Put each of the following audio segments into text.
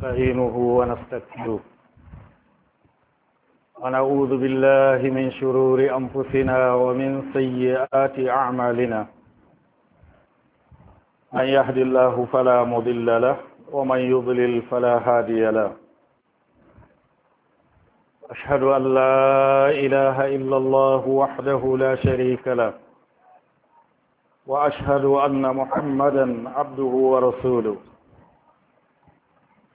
نستعينه ونستكبره ونعوذ بالله من شرور أنفسنا ومن سيئات أعمالنا من يهد الله فلا مضل له ومن يضلل فلا هادي له أشهد أن لا إله إلا الله وحده لا شريك له وأشهد أن محمدا عبده ورسوله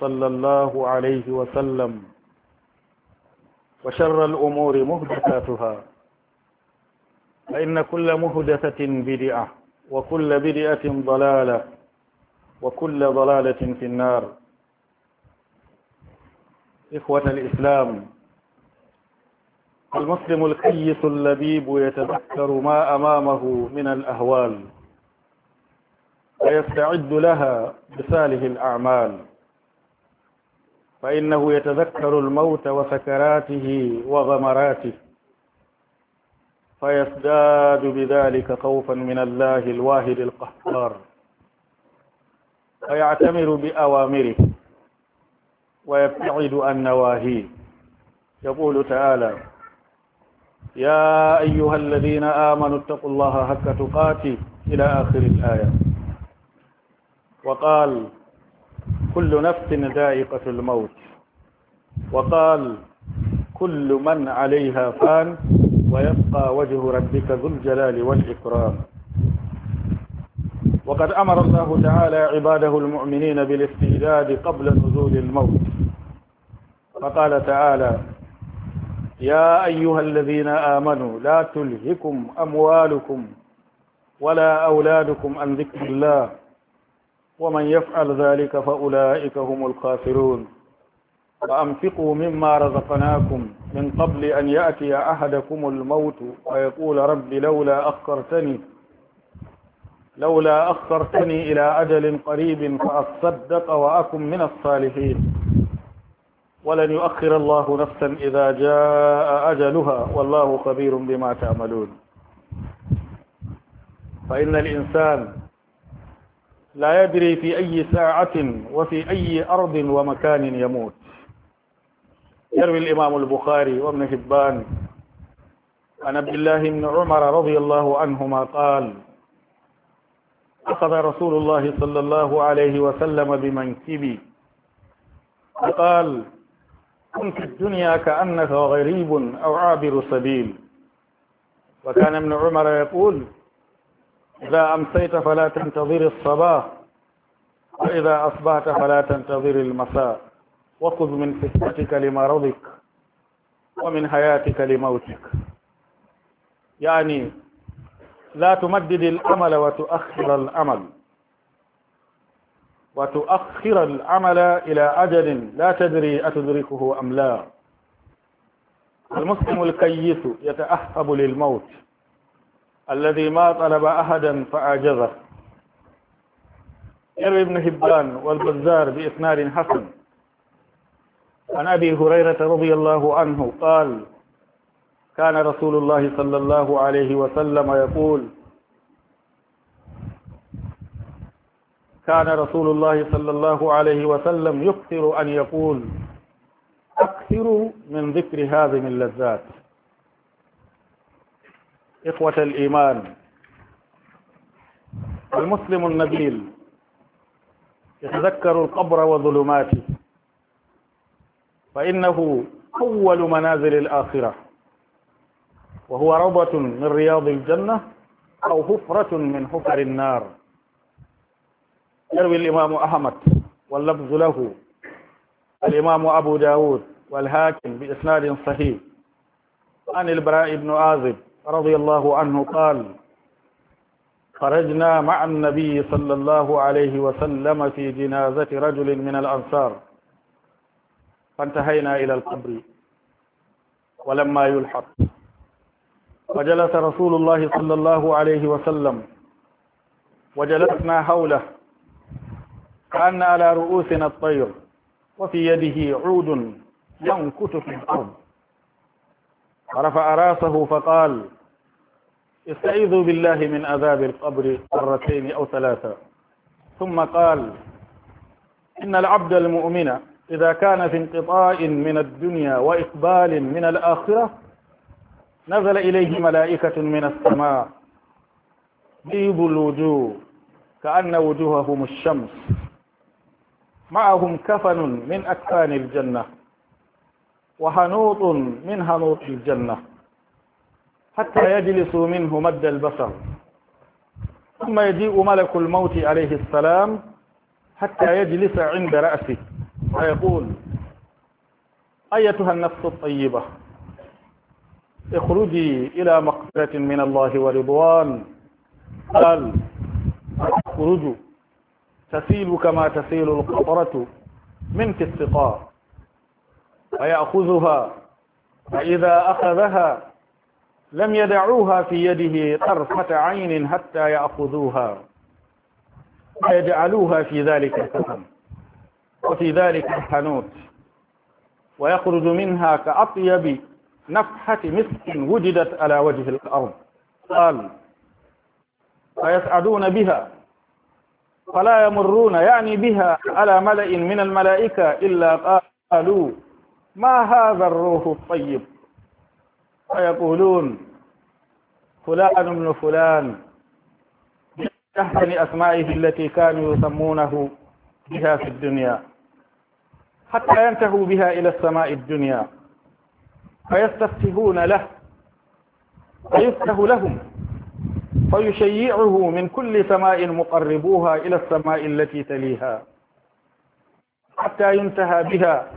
صلى الله عليه وسلم وشر الأمور مهدثاتها فإن كل مهدثة بدعة وكل بدعة ضلالة وكل ضلالة في النار إخوة الإسلام المسلم الكيس اللبيب يتذكر ما أمامه من الأهوال ويستعد لها بساله الأعمال فإنه يتذكر الموت وسكراته وغمراته فيزداد بذلك خوفا من الله الواهد القهار فيعتمر بأوامره ويبتعد عن نواهيه يقول تعالى يا أيها الذين آمنوا اتقوا الله حق تقاته إلى آخر الآية وقال كل نفس ذائقة الموت وقال كل من عليها فان ويبقى وجه ربك ذو الجلال والإكرام وقد أمر الله تعالى عباده المؤمنين بالاستعداد قبل نزول الموت فقال تعالى يا أيها الذين آمنوا لا تلهكم أموالكم ولا أولادكم عن ذكر الله ومن يفعل ذلك فأولئك هم الخاسرون وأنفقوا مما رزقناكم من قبل أن يأتي أحدكم الموت ويقول رب لولا أخرتني لولا أخرتني إلى أجل قريب فأصدق وأكن من الصالحين ولن يؤخر الله نفسا إذا جاء أجلها والله خبير بما تعملون فإن الإنسان لا يدري في أي ساعة وفي أي أرض ومكان يموت يروي الإمام البخاري وابن حبان عن عبد الله بن عمر رضي الله عنهما قال أخذ رسول الله صلى الله عليه وسلم بمنكبي فقال كن في الدنيا كأنك غريب أو عابر سبيل وكان ابن عمر يقول إذا أمسيت فلا تنتظر الصباح وإذا أصبحت فلا تنتظر المساء وخذ من فتنتك لمرضك ومن حياتك لموتك يعني لا تمدد الأمل وتؤخر الأمل وتؤخر العمل إلى أجل لا تدري أتدركه أم لا المسلم الكيس يتأهب للموت الذي ما طلب أحدا فأعجزه يروي ابن حبان والبزار بإسناد حسن عن أبي هريرة رضي الله عنه قال كان رسول الله صلى الله عليه وسلم يقول كان رسول الله صلى الله عليه وسلم يكثر أن يقول أكثروا من ذكر هذه اللذات إخوة الإيمان المسلم النبيل يتذكر القبر وظلماته فإنه أول منازل الآخرة وهو روضة من رياض الجنة أو حفرة من حفر النار يروي الإمام أحمد واللفظ له الإمام أبو داود والهاكم بإسناد صحيح عن البراء بن عازب رضي الله عنه قال خرجنا مع النبي صلى الله عليه وسلم في جنازة رجل من الأنصار فانتهينا إلى القبر ولما يلحق فجلس رسول الله صلى الله عليه وسلم وجلسنا حوله كان على رؤوسنا الطير وفي يده عود ينكت في الأرض فرفع راسه فقال استعيذوا بالله من عذاب القبر مرتين أو ثلاثة ثم قال إن العبد المؤمن إذا كان في انقطاع من الدنيا وإقبال من الآخرة نزل إليه ملائكة من السماء بيض الوجوه كأن وجوههم الشمس معهم كفن من أكفان الجنة وحنوط من هنوط الجنة حتى يجلسوا منه مد البصر ثم يجيء ملك الموت عليه السلام حتى يجلس عند رأسه ويقول أيتها النفس الطيبة اخرجي إلى مقبرة من الله ورضوان قال اخرج تسيل كما تسيل القطرة من في السقاء فيأخذها فإذا أخذها لم يدعوها في يده طرفة عين حتى يأخذوها ويجعلوها في ذلك الكتم وفي ذلك الحنوت ويخرج منها كأطيب نفحة مسك وجدت على وجه الأرض قال فيسعدون بها فلا يمرون يعني بها على ملئ من الملائكة إلا قالوا ما هذا الروح الطيب ويقولون فلان ابن فلان بأحسن أسمائه التي كانوا يسمونه بها في الدنيا حتى ينتهوا بها إلى السماء الدنيا فيستفتهون له ويفته لهم فيشيعه من كل سماء مقربوها إلى السماء التي تليها حتى ينتهى بها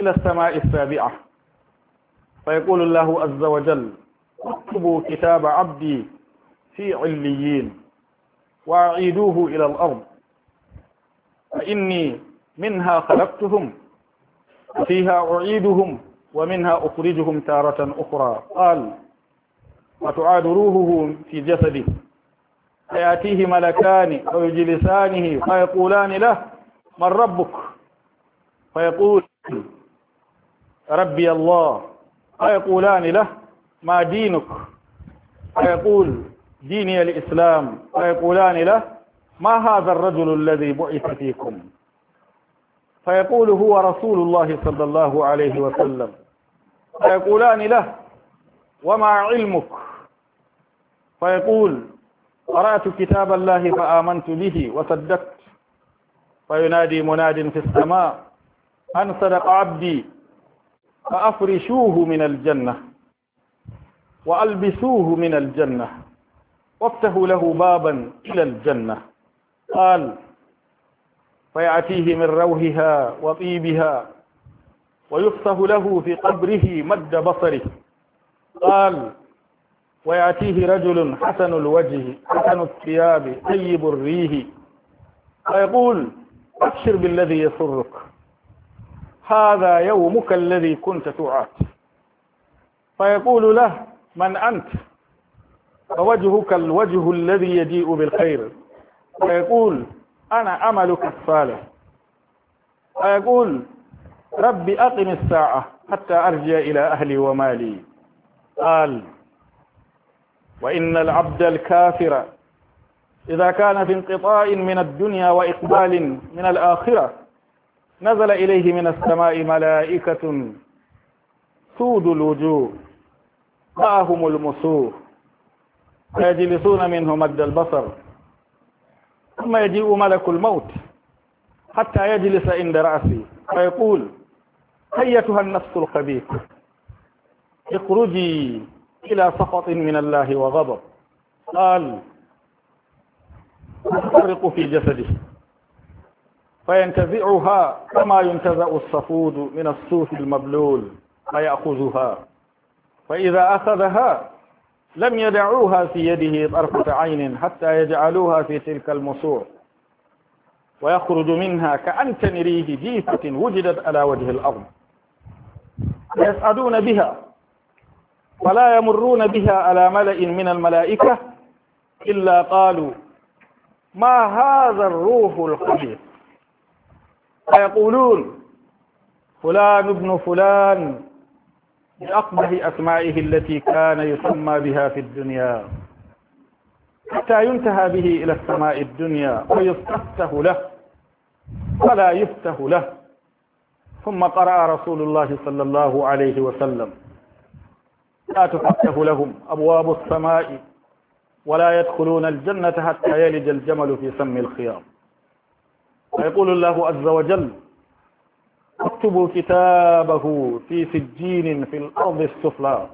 إلى السماء السابعة فيقول الله عز وجل اكتبوا كتاب عبدي في عليين وأعيدوه إلى الأرض فإني منها خلقتهم وفيها أعيدهم ومنها أخرجهم تارة أخرى قال وتعادروه روحه في جسده فيأتيه ملكان أو يجلسانه فيقولان له من ربك فيقول ربي الله فيقولان له ما دينك فيقول ديني الإسلام فيقولان له ما هذا الرجل الذي بعث فيكم فيقول هو رسول الله صلى الله عليه وسلم فيقولان له وما علمك فيقول قرأت كتاب الله فآمنت به وصدقت فينادي مناد في السماء أن صدق عبدي فأفرشوه من الجنة وألبسوه من الجنة وافتحوا له بابا إلى الجنة قال فيأتيه من روحها وطيبها ويفتح له في قبره مد بصره قال ويأتيه رجل حسن الوجه حسن الثياب طيب الريه فيقول أبشر بالذي يسرك هذا يومك الذي كنت توعد فيقول له من أنت فوجهك الوجه الذي يجيء بالخير فيقول أنا أملك الصالح فيقول رب أقم الساعة حتى أرجع إلى أهلي ومالي قال وإن العبد الكافر إذا كان في انقطاع من الدنيا وإقبال من الآخرة نزل إليه من السماء ملائكة سود الوجوه معهم المسوخ فيجلسون منه مد البصر ثم يجيء ملك الموت حتى يجلس عند رأسي فيقول أيتها النفس الخبيث اخرجي إلى سخط من الله وغضب قال أفرق في جسده فينتزعها كما ينتزع الصفود من الصوف المبلول فيأخذها فإذا أخذها لم يدعوها في يده طرفة عين حتى يجعلوها في تلك المصور ويخرج منها كأن تنريه جيفة وجدت على وجه الأرض يسعدون بها فلا يمرون بها على ملئ من الملائكة إلا قالوا ما هذا الروح الخبيث فيقولون فلان ابن فلان بأقبح أسمائه التي كان يسمى بها في الدنيا حتى ينتهى به إلى السماء الدنيا ويفتح له ولا يفتح له ثم قرأ رسول الله صلى الله عليه وسلم لا تفتح لهم أبواب السماء ولا يدخلون الجنة حتى يلج الجمل في سم الخيام ويقول الله عز وجل اكتبوا كتابه في سجين في الأرض السفلى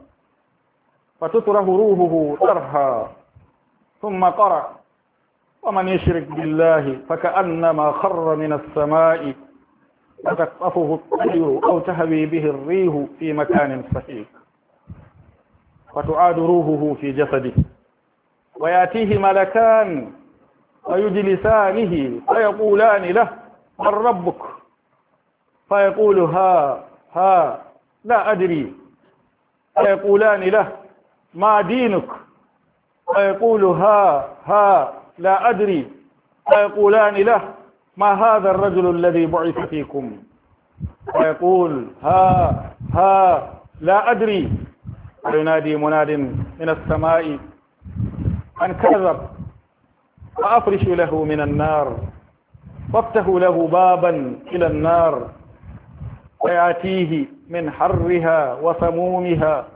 فتتره روحه ترها ثم قرأ ومن يشرك بالله فكأنما خر من السماء وتقطفه الطير أو تهوي به الريح في مكان سحيق فتعاد روحه في جسده ويأتيه ملكان ويجلسانه فيقولان له من ربك فيقول ها ها لا أدري فيقولان له ما دينك فيقول ها ها لا أدري فيقولان له ما هذا الرجل الذي بعث فيكم فيقول ها ها لا أدري وينادي مناد من السماء أن كذب فأفرش له من النار فافتحوا له بابا إلى النار ويأتيه من حرها وسمومها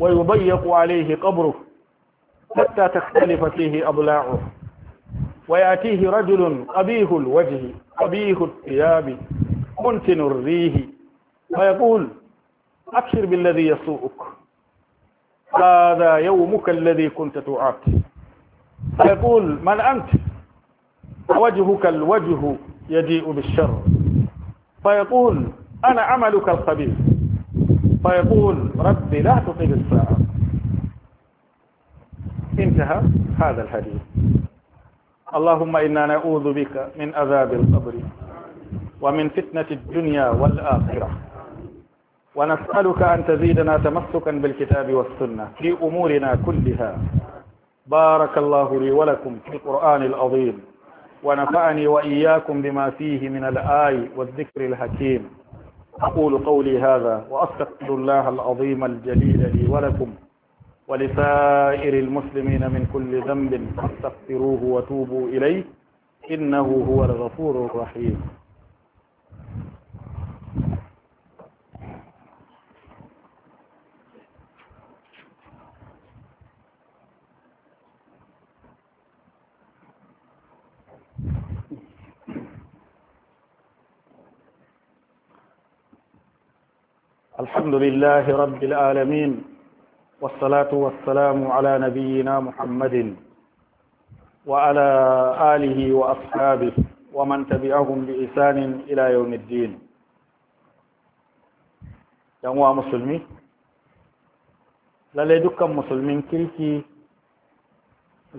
ويضيق عليه قبره حتى تختلف فيه أضلاعه ويأتيه رجل قبيح الوجه قبيح الثياب منتن الريه ويقول أبشر بالذي يسوءك هذا يومك الذي كنت تعاتي فيقول من أنت وجهك الوجه يجيء بالشر فيقول أنا عملك الخبيث فيقول ربي لا تطيب الساعة انتهى هذا الحديث اللهم إنا نعوذ بك من عذاب القبر ومن فتنة الدنيا والآخرة ونسألك أن تزيدنا تمسكا بالكتاب والسنة في أمورنا كلها بارك الله لي ولكم في القرآن العظيم ونفعني وإياكم بما فيه من الآي والذكر الحكيم أقول قولي هذا وأستغفر الله العظيم الجليل لي ولكم ولسائر المسلمين من كل ذنب فاستغفروه وتوبوا إليه إنه هو الغفور الرحيم الحمد لله رب العالمين والصلاة والسلام على نبينا محمد وعلى آله وأصحابه ومن تبعهم بإحسان إلى يوم الدين يا مسلمين lallai dukkan musulmin kirki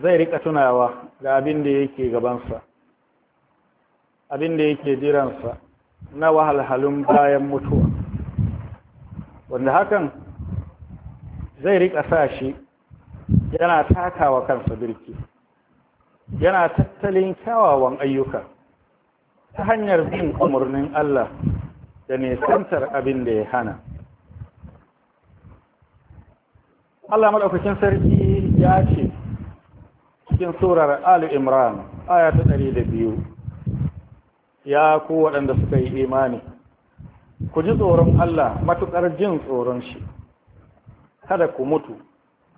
zai rika tunawa ga da yake gabansa abin da yake jiransa na wahalhalun bayan mutuwa wanda hakan zai riƙa sa shi yana takawa kansa birki yana tattalin kyawawan ayyuka ta hanyar bin umarnin Allah da nesantar abin da ya hana Allah maɗaukakin sarki ya ce cikin surar Ali Imran aya ta biyu. ya ku waɗanda suka yi imani ku ji tsoron Allah matuƙar jin tsoron shi kada ku mutu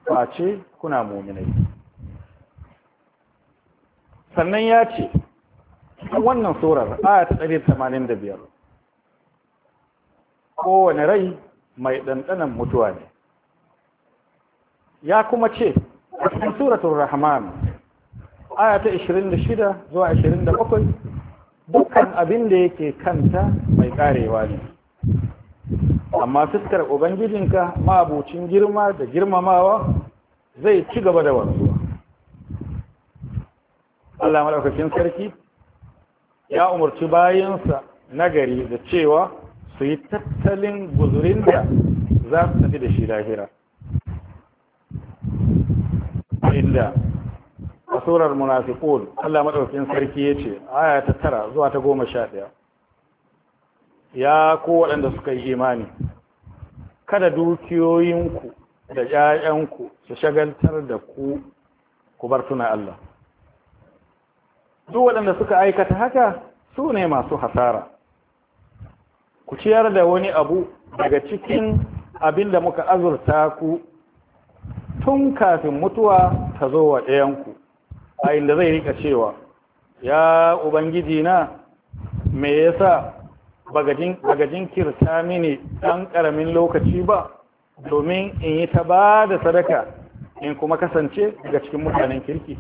face kuna muminai sannan ya ce wannan tsorar aya ta 185 kowane rai mai ɗanɗanan mutuwa ne ya kuma ce a cikin suratun rahman aya ta 26 zuwa 27 dukkan abin da yake kanta mai karewa ne amma fuskar ubangijinka mabucin girma da girmamawa zai ci gaba da wanzuwa Allah malaukakin sarki ya umarci bayansa nagari da cewa su yi tattalin guzurin da za su tafi da shi lahira inda a surar munafiqun Allah madaukakin sarki yace aya ta tara zuwa ta goma sha ɗaya. ya ko waɗanda suka yi imani kada dukiyoyinku da ‘ya'yanku su shagaltar da ku ku bar tuna Allah duk waɗanda suka aikata haka su ne masu hasara ku ciyar da wani abu daga cikin abin da muka azurta ku tun kafin mutuwa ta zo wa ɗayanku a inda zai rika cewa ya ubangiji na me yasa baga jinkirta mini ɗan ƙaramin lokaci ba domin in yi ta ba da sadaka in kuma kasance ga cikin mutanen kirki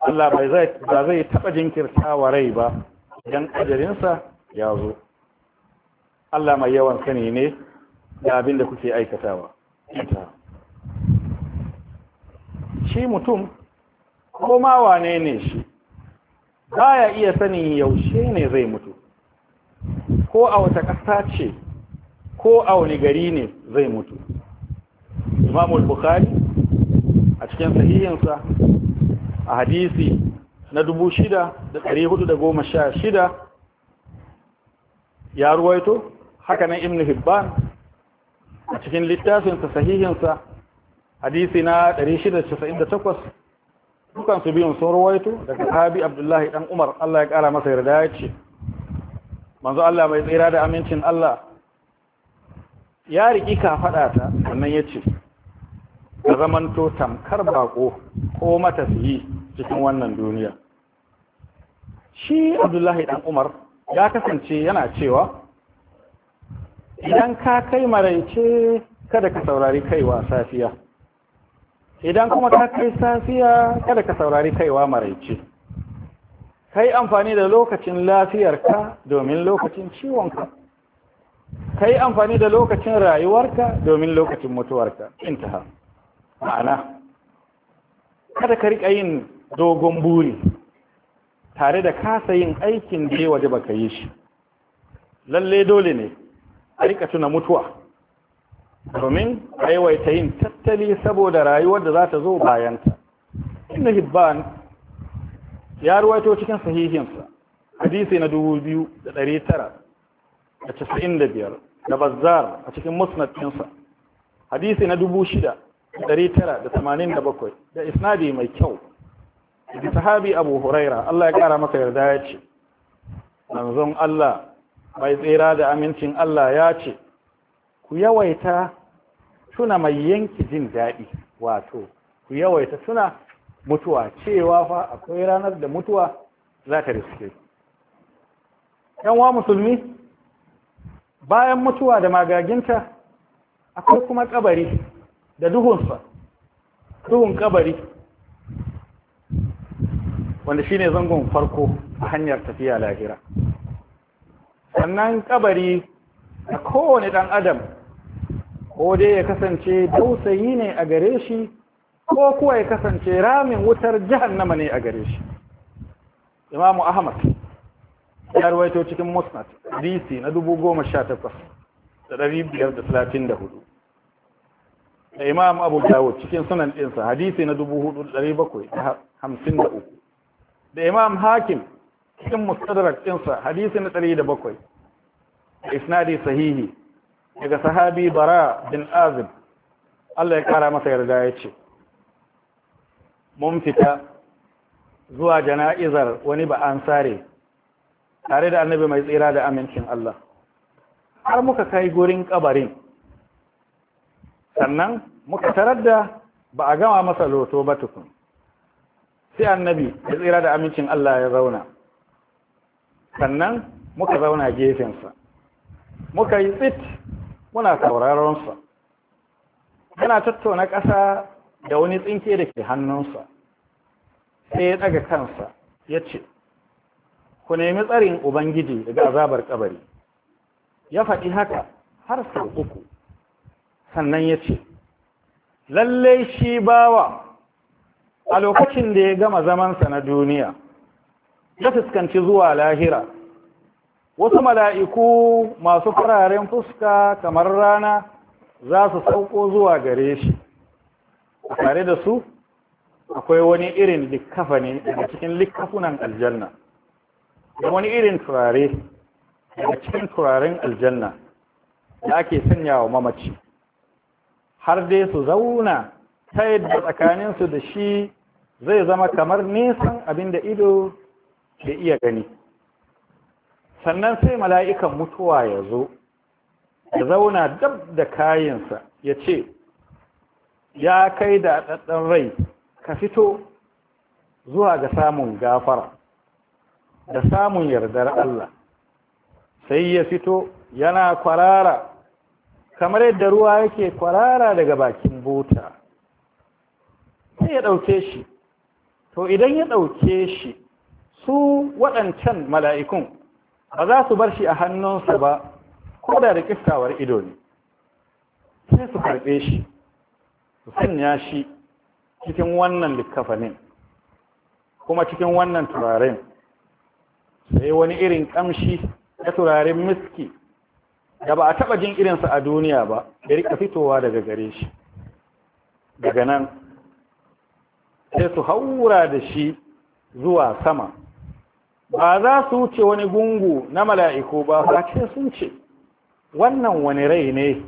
Allah ba zai taɓa jinkirta wa rai ba don ajarinsa ya zo Allah mai yawan sani ne da abin da kuke aikatawa shi mutum koma wane ne shi ba ya iya sani yaushe ne zai mutu ko a wata ƙasa ce ko a wani gari ne zai mutu imamul bukhari a cikin sahihinsa a hadisi na 6,416 ya ruwaito hakanan ibn hibban a cikin littafinsa sahihinsa hadisi na 698 dukansu biyun sun ruwaito daga sahabi abdullahi dan umar allah ya kara masa yarda ya ce manzo Allah mai tsira da amincin Allah ya riki ka faɗa ta sannan yace ce ka zamanto tamkar bako ko mata sihi cikin wannan duniya shi abdullahi dan umar ya kasance yana cewa idan ka kai maraice kada ka saurari kaiwa safiya idan kuma ka kai safiya kada ka saurari kaiwa maraice ka yi amfani da lokacin lafiyarka domin lokacin ciwonka ka yi amfani da lokacin rayuwarka domin lokacin mutuwarka intaha ma'ana kada ka riƙa yin dogon buri tare da kasa yin aikin da ya waje baka yi shi lalle dole ne a riƙa tuna mutuwa domin aiwaita yin tattali saboda rayuwar da za ta zo bayanta inna hibban ya ruwaito cikin sahihinsa hadisi na 2995 da bazzar a cikin musnad ɗinsa hadisi na 6987 da isnadi mai kyau da sahabi abu huraira Allah ya kara masa yarda ya ce manzon Allah mai tsira da amincin Allah ya ce ku yawaita tuna mai yanki jin daɗi wato ku yawaita tuna mutuwa cewa fa akwai ranar da mutuwa za ta riske yanwa musulmi bayan mutuwa da magaginta akwai kuma kabari da duhunsa duhun kabari wanda shi ne zangon farko a hanyar tafiya lahira sannan kabari a kowane ɗan adam ko dai ya kasance dausayi ne a gare shi ko kuwa ya kasance ramin wutar jahannama ne a gare shi imamu ahmad ya ruwaito cikin musnad dc na takwas da imam abu dawud cikin sunan ɗinsa hadisi na 4753 da imam hakim cikin musnadarar ɗinsa hadisi na 107 da isnadi sahihi daga sahabi bara bin azib Allah ya kara masa yarda ya ce mun fita zuwa jana'izar wani ba an sare tare da annabi mai tsira da amincin Allah har muka kai gurin kabarin sannan muka tarar da ba a gama masa loto ba tukun sai annabi mai tsira da amincin Allah ya zauna sannan muka zauna gefensa muka yi tsit muna sauraronsa yana tattauna ƙasa da wani tsinke da ke hannunsa sai ya daga kansa ya ce ku nemi tsarin ubangiji daga azabar kabari ya faɗi haka har sau uku sannan ya ce lalle shi bawa a lokacin da ya gama zamansa na duniya ya fuskanci zuwa lahira wasu mala'iku masu fararen fuska kamar rana za su sauko zuwa gare shi tare da su akwai wani irin likkafa ne daga cikin likkafunan aljanna da wani irin turare daga cikin turaren aljanna da ake sanya wa mamaci har dai su zauna ta yadda tsakaninsu da shi zai zama kamar nisan abin da ido da iya gani sannan sai mala'ikan mutuwa ya zo ya zauna dab da kayansa ya ce ya kai da ɗaɗɗen rai ka fito zuwa ga samun gafara da samun yardar Allah sai ya fito yana kwarara kamar yadda ruwa yake kwarara daga bakin bota sai ya ɗauke shi to idan ya ɗauke shi su waɗancan mala'ikun ba za su bar shi a hannunsa ba ko da da kiftawar ido ne sai su karɓe shi su sanya shi cikin wannan likkafanin kuma cikin wannan turaren sai wani irin kamshi na turaren miski da ba a taba jin irinsa a duniya ba ya rika fitowa daga gare shi daga nan sai su haura da shi zuwa sama ba za su wuce wani gungu na mala'iku ba ba ce sun ce wannan wani rai ne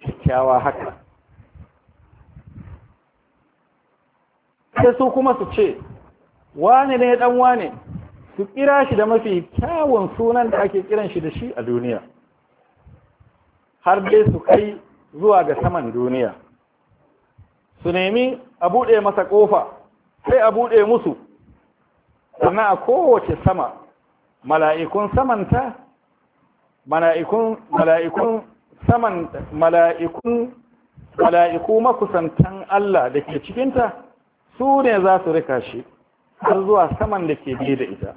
kyakkyawa haka sai su kuma su ce wane ne dan wane su kira shi da mafi kyawun sunan da ake kiran shi da shi a duniya har dai su kai zuwa ga saman duniya su nemi a buɗe masa ƙofa sai a buɗe musu sannan a kowace sama mala'ikun samanta mala'ikun mala'ikun saman mala'iku makusantan Allah da ke cikinta su ne za su rika shi har zuwa saman da ke biye da ita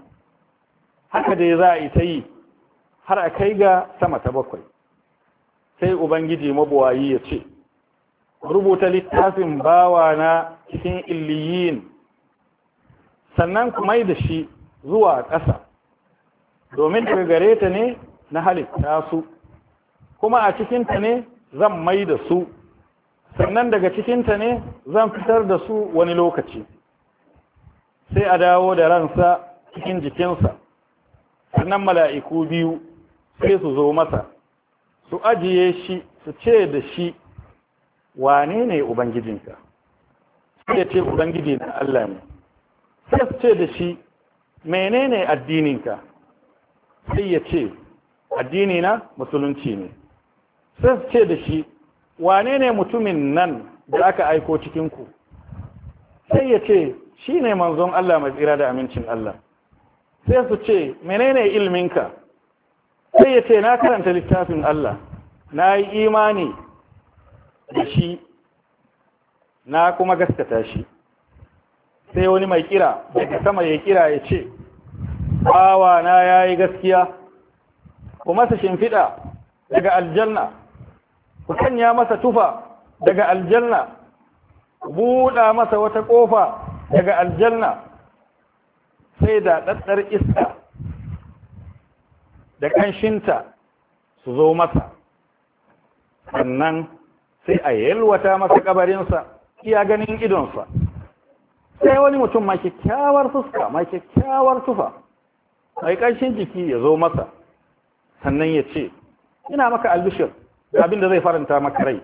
haka dai za a yi ta yi har a kai ga sama ta bakwai sai ubangiji mabuwayi ya ce rubuta littafin bawa na cikin illiyin sannan kuma da shi zuwa ƙasa domin daga gare ta ne na halitta su kuma a cikinta ne zan mai da su sannan daga cikinta ne zan fitar da su wani lokaci sai a dawo da ransa cikin jikinsa sannan mala'iku biyu sai su zo masa su ajiye shi su ce da shi wane ne ubangijinka sai ya ce ubangiji na Allah ne sai su ce da shi menene addininka sai ya ce addini na musulunci ne sai su ce da shi wane ne mutumin nan da aka aiko cikinku sai ya ce shi ne manzon Allah mai tsira da amincin Allah sai su ce menene ilminka sai ya ce na karanta littafin Allah na yi imani da shi na kuma gaskata shi sai wani mai kira daga sama ya kira ya ce bawa na ya yi gaskiya kuma su shimfiɗa daga aljanna ku sanya masa tufa daga aljanna buɗa masa wata ƙofa daga aljanna sai da ɗaɗɗar iska da ƙanshinta su zo masa sannan sai a yalwata masa ƙabarinsa iya ganin idonsa sai wani mutum ma kyakkyawar fuska ma kyakkyawar tufa mai ƙanshin jiki ya zo masa sannan ya ce ina maka albishir abin da zai faranta maka rai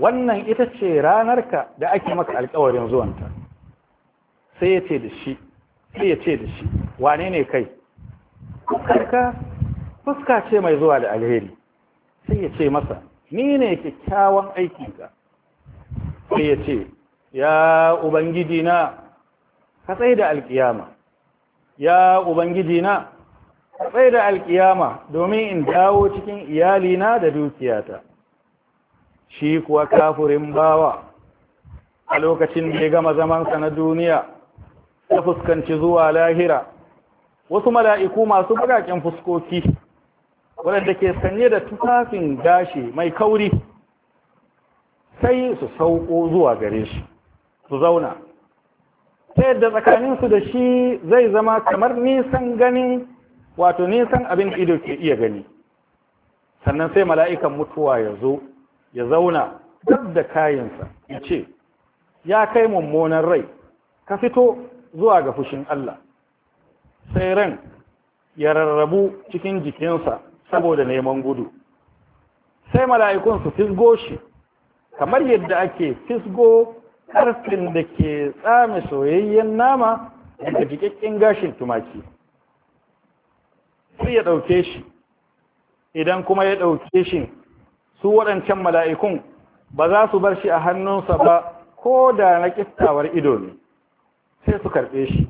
wannan ita ce ranarka da ake maka alkawarin zuwanta sai ya ce da shi sai ya ce da shi wane ne kai fuskarka fuska ce mai zuwa da alheri sai ya ce masa ni ne kyakkyawan aikinka sai ya ce ya ubangiji ka tsaye da alkiyama ya ubangiji na a tsaye da alkiyama domin in dawo cikin iyalina da dukiyata shi kuwa kafurin bawa a lokacin da ya gama zamansa na duniya ya fuskanci zuwa lahira wasu mala'iku masu bugaƙen fuskoki waɗanda ke sanye da tufafin gashi mai kauri sai su sauko zuwa gare shi su zauna ta yadda tsakaninsu da shi zai zama kamar nisan ganin wato nisan abin da ido ke iya gani sannan sai mala'ikan mutuwa ya zo ya zauna duk da kayansa ya ce ya kai mummunan rai ka fito zuwa ga fushin Allah sai ran ya rarrabu cikin jikinsa saboda neman gudu sai mala'ikun su fisgo shi kamar yadda ake fisgo ƙarfin da ke tsami soyayyen nama daga jikakken gashin tumaki sai ya ɗauke shi idan kuma ya ɗauke shi su waɗancan mala'ikun ba za su bar shi a hannunsa ba ko da na kiftawar ido ne sai su karɓe shi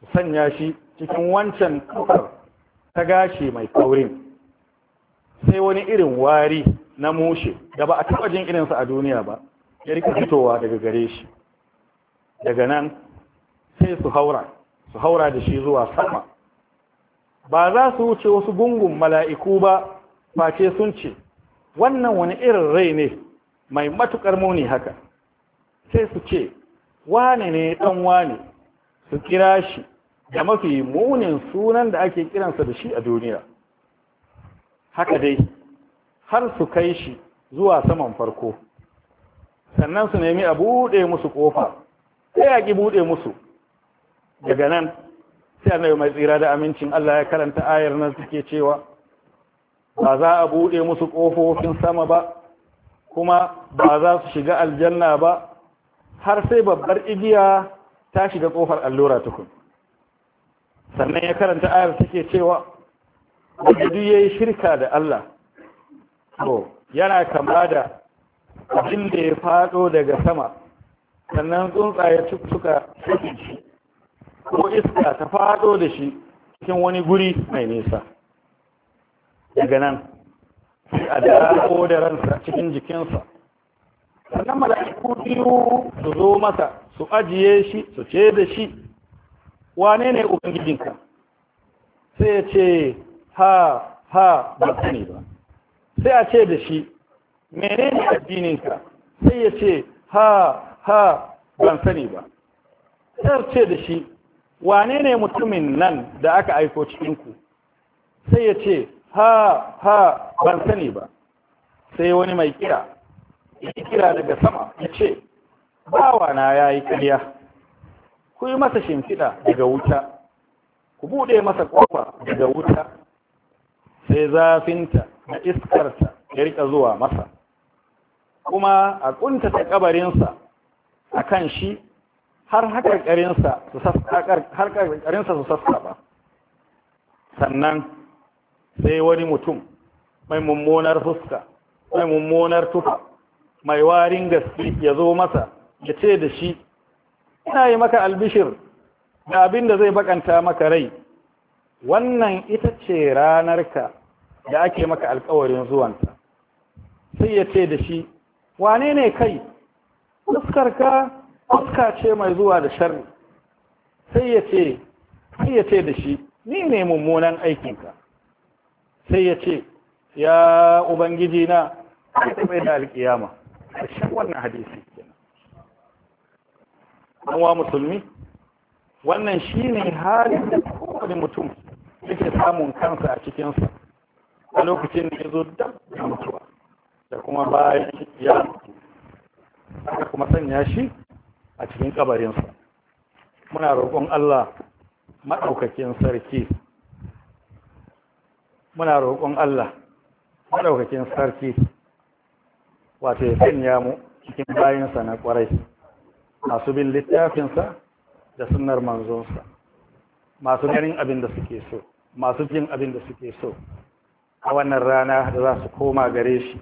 su sanya shi cikin wancan ƙafar ta gashi mai kaurin sai wani irin wari na mushe da ba a taɓa jin irinsa a duniya ba ya rika fitowa daga gare shi daga nan sai su haura su haura da shi zuwa sama ba za su wuce wasu gungun mala'iku ba face sun ce wannan wani irin rai ne mai matuƙar muni haka sai su ce wane ne ɗan wane su kira shi da mafi munin sunan da ake kiransa da shi a duniya haka dai har su kai shi zuwa saman farko sannan su nemi a buɗe musu ƙofa sai yaƙi buɗe musu daga nan sai annabi mai tsira da amincin Allah ya karanta ayar nan suke cewa ba za a bude musu kofofin sama ba kuma ba za su shiga aljanna ba har sai babbar igiya ta shiga kofar allura tukun sannan ya karanta ayar suke cewa wanda duk ya yi shirka da Allah to yana kama da abin da ya faɗo daga sama sannan tsuntsaye suka ko iska ta fado da shi cikin wani guri mai nisa daga nan sai a ko da ransa cikin jikinsa sannan mala'iku biyu su zo masa su ajiye shi su ce da shi wane ne ubangijinka sai ya ce ha ha ba sani ba sai a ce da shi menene addininka sai ya ce ha ha ban sani ba sai ce da shi wane ne mutumin nan da aka aiko cikinku sai ya ce ha ha ban sani ba sai wani mai kira ya kira daga sama ya ce na ya yi karya ku yi masa shimfiɗa daga wuta ku buɗe masa ƙofa daga wuta sai zafinta na iskarta ya riƙa zuwa masa kuma a ƙuntata ƙabarinsa a kan shi har ƙarƙarinsa su sassaɓa sannan sai wani mutum mai mummunar fuska mai mummunar tufa mai warin gaske ya zo masa ya ce da shi ina yi maka albishir da abin da zai bakanta maka rai wannan ita ce ranarka da ake maka alkawarin zuwanta sai ya ce da shi wane ne kai fuskarka fuska ce mai zuwa da sharri sai ya ce sai ya ce da shi ni ne mummunan aikinka sai ya ce ya ubangiji na ka taɓa da alƙiyama shan wannan hadisi kenan an wa musulmi wannan shi ne halin da kowane mutum yake samun kansa a cikinsa a lokacin da ya zo da mutuwa da kuma bayan ya mutu aka kuma sanya shi a cikin kabarinsa muna roƙon Allah maɗaukakin sarki muna roƙon Allah maɗaukakin sarki wato ya sanya mu cikin bayansa na ƙwarai masu bin littafinsa da sunar manzonsa masu ganin abin da suke so masu jin abin da suke so a wannan rana da za su koma gare shi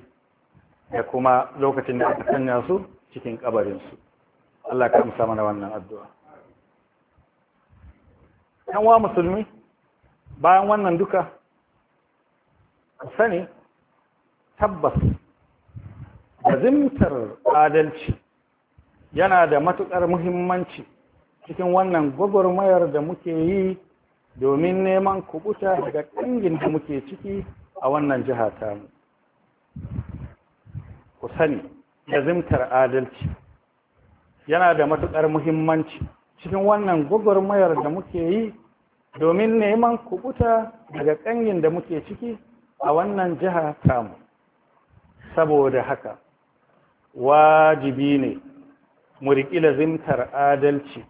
da kuma lokacin da aka sanya su cikin kabarinsu Allah ka amsa mana wannan addu'a Yanwa musulmi bayan wannan duka sani tabbas zimtar adalci yana da matuƙar muhimmanci cikin wannan gwagwarmayar da muke yi domin neman kubuta daga ƙangin da muke ciki a wannan jihata mu. ku sani zimtar adalci yana da matuƙar muhimmanci cikin wannan gwagwarmayar da muke yi domin neman kubuta daga ƙanyin da muke ciki a wannan jiha tamu saboda haka wajibi ne mu riƙi lazimtar adalci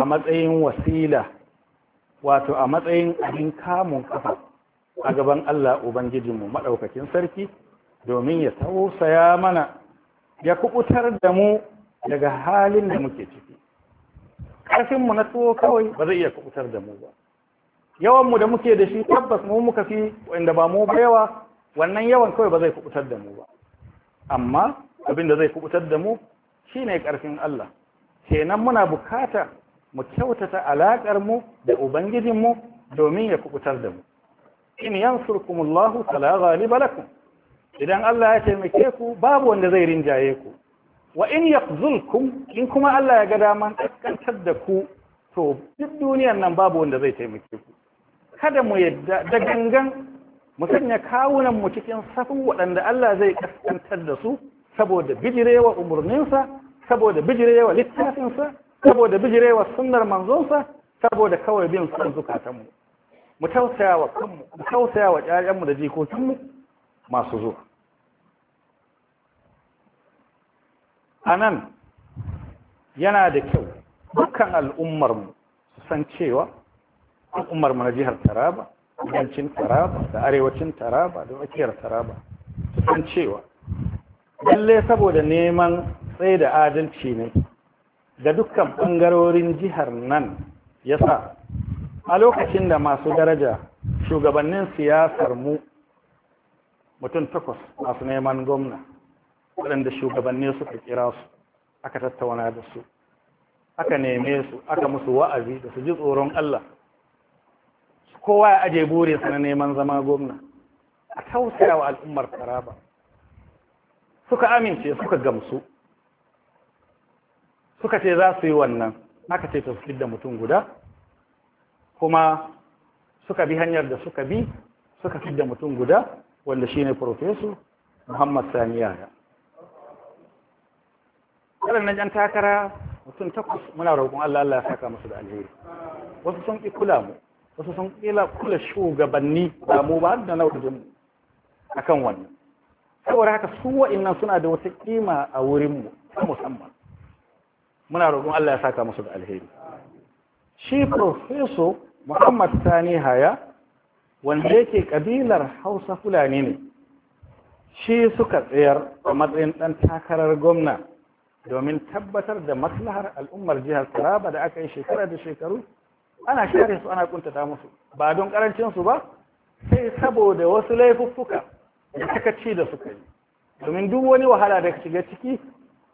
a matsayin wasila wato a matsayin abin kamun ƙafa a gaban Allah Ubangijinmu maɗaukakin sarki domin ya tausaya mana ya kubutar da mu daga halin da muke ciki ƙarfinmu na tsoho kawai ba zai iya kubutar da mu ba yawanmu da muke da shi tabbas mu muka fi wanda ba mu ba yawa wannan yawan kawai ba zai kubutar da mu ba amma abin da zai kubutar da mu shine ƙarfin Allah kenan muna bukata mu kyautata alaƙar mu da ubangijin mu domin ya kubutar da mu in yansurkumullahu fala ghaliba lakum idan Allah ya taimake ku babu wanda zai rinjaye ku wa in yaqzulkum in kuma Allah ya ga daman kaskantar da ku to duk duniyar nan babu wanda zai taimake ku kada mu yadda da gangan mu sanya kawunan mu cikin safin waɗanda Allah zai kaskantar da su saboda bijirewa umurninsa, saboda bijirewa littafinsa saboda bijirewa sunnar manzonsa saboda kawai bin son zukatanmu mu tausaya wa kanmu mu tausaya wa ƴaƴanmu da jikokinmu masu zuwa a nan yana da kyau dukkan al'ummarmu su san cewa al'ummarmu na jihar taraba kudancin taraba da arewacin taraba da akiyar taraba su san cewa lalle saboda neman tsaye da adalci ne da dukkan ɓangarorin jihar nan ya sa a lokacin da masu daraja shugabannin siyasar mu mutum takwas masu neman gwamna waɗanda shugabanni suka kira su aka tattauna da su aka neme su aka musu wa'azi da su ji tsoron Allah kowa ya aje bure na neman zama gwamna a tausaya wa al'ummar taraba suka amince suka gamsu suka ce za su yi wannan aka ce tafsir da mutum guda kuma suka bi hanyar da suka bi suka da mutum guda wanda shine profeso Muhammad Sani Yaya waɗannan jan takara mutum takwas muna roƙon Allah Allah ya saka musu da alheri wasu sun ƙi kula mu wasu sun ƙi kula shugabanni ba mu ba da na a kan wannan saboda haka su wa'innan suna da wata kima a wurin mu ta musamman muna roƙon Allah ya saka musu da alheri shi profeso Muhammad Sani Haya wanda yake kabilar Hausa Fulani ne shi suka tsayar a matsayin ɗan takarar gwamna domin tabbatar da maslahar al'ummar jihar Taraba da aka yi shekara da shekaru ana share su ana kuntata musu ba don karancin su ba sai saboda wasu laifuffuka da takaci da suka yi domin duk wani wahala da shiga ciki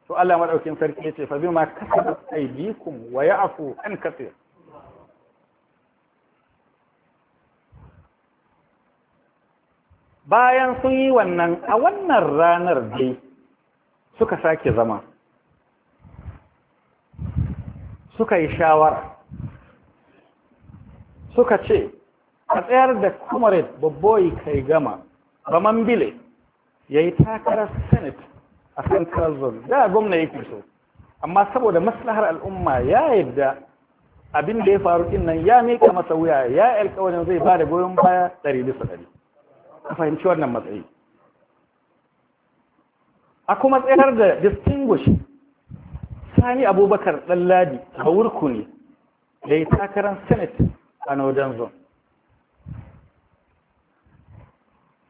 to Allah madaukin sarki yace fa bima kasabat aydikum wa ya'fu an katir bayan sun yi wannan a wannan ranar dai suka sake zama suka yi shawara suka ce a tsayar da comrade babboyi kai gama raman bile ya yi takarar senate a central zone da gwamna ya so amma saboda maslahar al'umma ya yadda abin da ya faru din nan ya mika masa wuya ya yi alkawarin zai ba da goyon baya ɗari bisa ɗari a fahimci wannan matsayi a kuma tsayar da distinguish sani abubakar ɗanladi a wurkuri da ya takarar senate a northern zone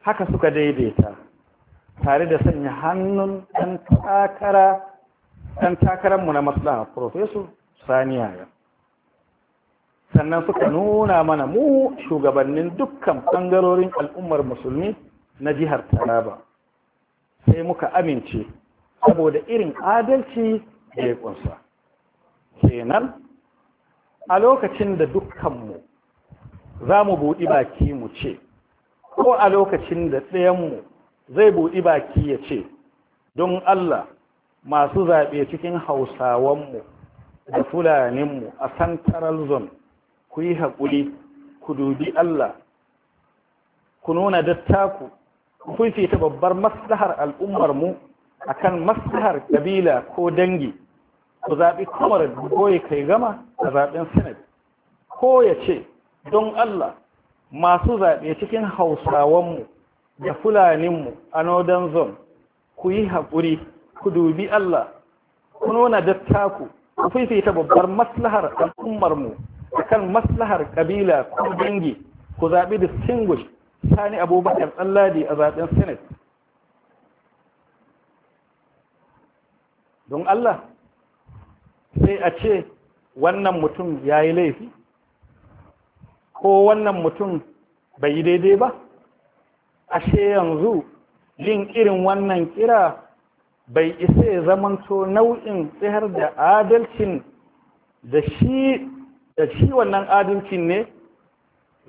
haka suka daidaita tare da sanya hannun ɗan takara ɗan takararmu na maslaha professor saniya ya sannan suka nuna mana mu shugabannin dukkan ɓangarorin al'ummar musulmi na jihar taraba sai muka amince saboda irin adalci kenan a lokacin da dukkanmu za mu buɗi baki mu ce ko a lokacin da ɗayanmu zai buɗi baki ya ce don Allah masu zaɓe cikin hausawanmu da fulaninmu a santaral zone ku yi haƙuri ku dubi Allah ku nuna dattaku ku fifita babbar maslahar mu. akan maslahar ƙabila ko dangi ku zaɓi kamar goyi kai gama a zaɓen sinad ko ya ce don Allah masu zaɓe cikin hausawanmu da fulaninmu a northern zone ku yi haƙuri ku dubi Allah ku nuna dattaku ku fifita babbar maslahar al'ummarmu kan maslahar ƙabila ko dangi ku zaɓi distinguish sani abubakar tsalladi a zaɓen senate don Allah sai a ce wannan mutum ya yi laifi ko wannan mutum bai yi daidai ba a she yanzu yin irin wannan kira bai isa ya zamanto nau'in tsayar da adalcin da shi da wannan adalcin ne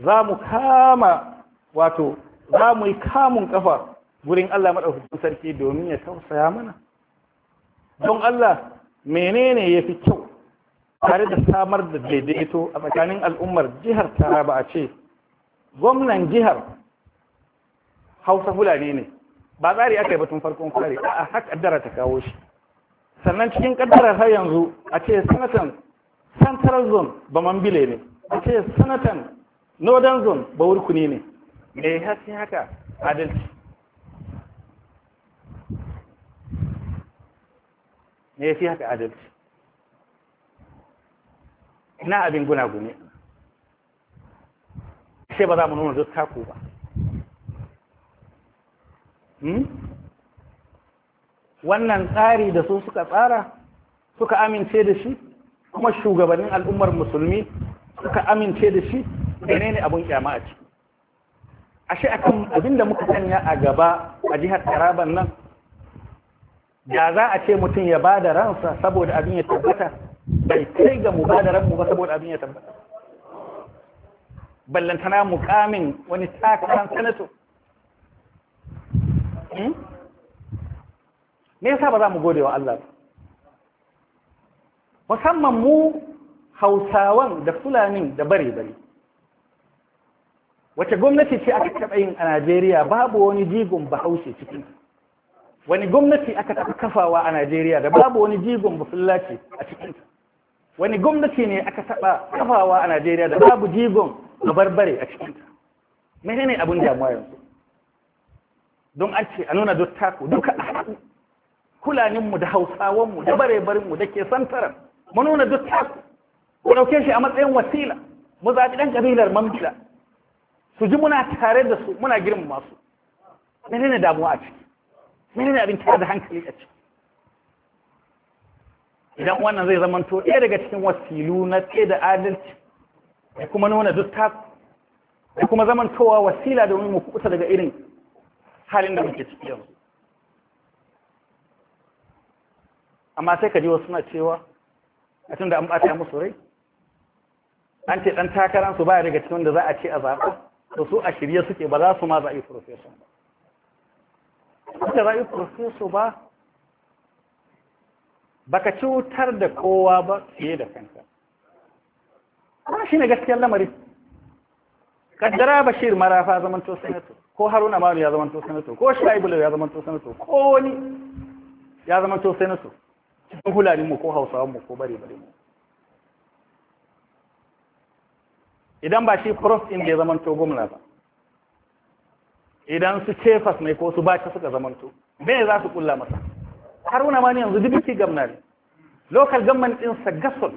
za mu kama wato za mu yi kamun kafa gurin Allah maɗaukacin sarki domin ya tausaya mana don Allah menene ya fi kyau tare da samar da daidaito a tsakanin al'ummar jihar taraba a ce gwamnan jihar hausa fulani ne ba tsari aka yi batun farkon fari a haka kaddara ta kawo shi sannan cikin kaddarar har yanzu a ce sanatan central zone ba mambile ne a ce sanatan northern zone ba wurkuni ne me ya haka adalci ne eh, ya fi haka adalci ina abin gunagune sai ba za mu nuna duk ba hmm? wannan tsari da su suka tsara suka amince da shi kuma shugabannin al'ummar musulmi suka amince da shi ne ne abin kyama a ciki ashe akan abinda muka sanya a gaba a jihar Taraban nan Ya za a ce mutum ya ba da ransa saboda abin ya tabbata bai kai ga mu ba da ranmu ba saboda abin ya tabbata ballantana mukamin wani takasan sanato hmm? me yasa ba za mu gode wa Allah musamman mu hausawan da fulanin da bare-bare wace gwamnati ce aka taɓa yin a najeriya babu wani jigon bahaushe cikin wani gwamnati aka taɓa kafawa a Najeriya da babu wani jigon masallaci a cikinta. wani gwamnati ne aka taɓa kafawa a Najeriya da babu jigon barbare a cikinta. Mene menene abin damuwa yanzu don an ce a nuna dottaku duka a haɗu kulaninmu da hausawanmu da barebarinmu da ke santaran mu nuna dottaku ku ɗauke shi a matsayin wasila mu zaɓi ɗan ƙabilar mambila su ji muna tare da su muna girmama su menene damuwa a ciki menene abin ta da hankali a ciki idan wannan zai zama to ɗaya daga cikin wasilu na tsaye da adalci da kuma nuna dukka da kuma zamantowa wasila domin mu kusa daga irin halin da muke ciki yanzu amma sai ka ji wasu suna cewa a tun da an bata musu rai an ce ɗan takararsu ba daga cikin da za a ce a zaɓa to su a shirye suke ba za su ma za a yi profession ba wanda ba yi kurfusu ba baka cutar da kowa ba fiye da kanka ba shi ne gaskiyar lamari kaddara bashir marafa zamanto sanato ko haruna maru ya zamanto sanato ko shaibulu ya zamanto sanato ko wani ya zamanto sanato cikin hularinmu ko hausawanmu ko bare bare mu idan ba shi Prof in bai zamanto gwamna ba idan su cefas mai ko su ba ka suka zamanto me za su kulla masa haruna ma ne yanzu dubiti gamna ne local government din gasol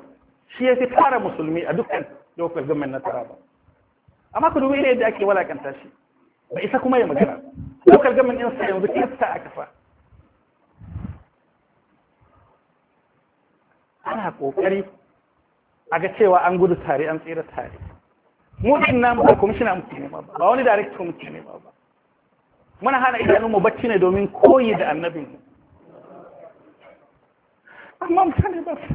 shi ya fi fara musulmi a dukkan local government na taraba amma ku dubi yadda ake walakanta shi ba isa kuma ya magana local government din sa yanzu kista a kasa ana kokari a ga cewa an gudu tare an tsira tare mu din namu ba kwamishina muke nema ba ba wani direct muke nema ba muna hana idanunmu bacci ne domin koyi da annabin amma mutane ba su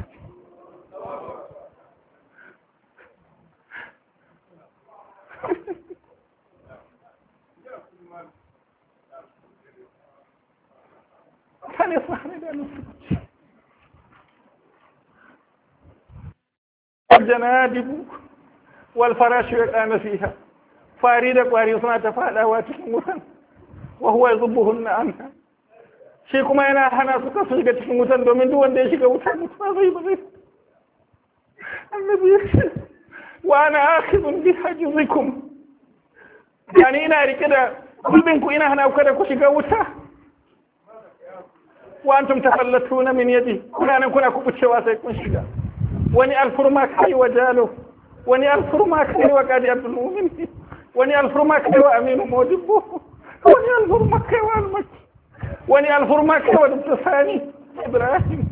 mutane su hana idanunsu الجنادب والفراش يقام فيها فاريد قواري صنعة فعلا واتكم وفن وهو يضبهن عنها شيكما انا هنا سكسر قتل متن دومين دوان دي شكا متن ما غيب النبي وانا اخذ بحجزكم يعني انا كده كل منكم انا هنا وكذا كشي وتا وانتم تفلتون من يدي كنا انا كنا كبت شواسيكم شكا واني الفر ما كي وجاله واني الفر ما كي وقادي عبد المؤمنين واني الفر ما كي وامين موجبه وان ينظر مكه والمكه وان ينظر مكه والانتصاري ابراهيم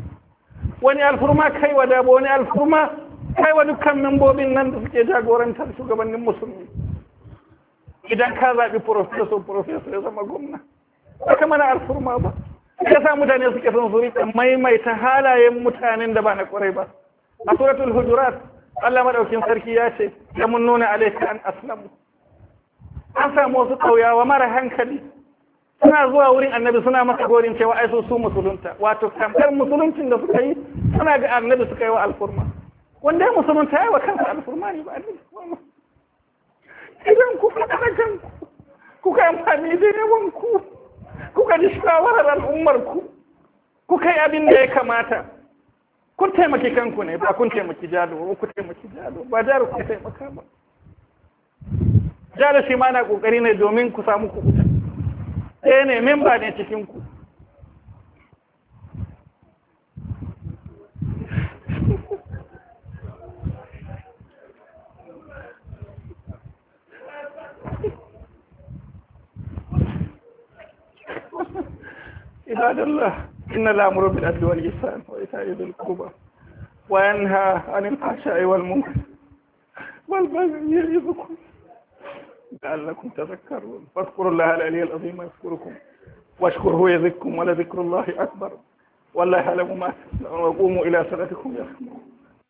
وان ينظر مكه ودابو وان ينظر مكه ودكم من بوب النمس جدا غورن ترشو غبن المسلمين اذا كذا ببروفيسور بروفيسور زعما قلنا كما انا عارف ما با كذا متاني سكه تنظري ماي ماي تهالا يمتاني دبا قريبا سوره الهجرات الله ما دوكين سركي ياشي يمنون عليك ان اسلموا an samu wasu ƙauyawa mara hankali suna zuwa wurin annabi suna maka gorin cewa ai su musulunta wato kamar musuluncin da suka yi suna ga annabi suka yi wa alfurma wanda ya musulunta ya wa kansa alfurma ne ba annabi idan kuka ku kuka amfani da yawan ku kuka ji shawarar al'ummar ku ku kai abin da ya kamata kun taimaki kanku ne ba kun taimaki jalo ba taimaki jalo ba jalo ku taimaka ba darasi ma na kokari ne domin ku samu kuɓuta ɗaya ne memba ne cikin ku عباد الله إن الأمر بالعدل والإحسان وإيتاء ذي القربى وينهى عن الفحشاء والمنكر والبغي يعظكم لعلكم تذكرون فاذكروا الله العلي العظيم يذكركم واشكره يذكركم ولذكر الله أكبر والله يعلم ما تصنعون وقوموا إلى صلاتكم يرحمكم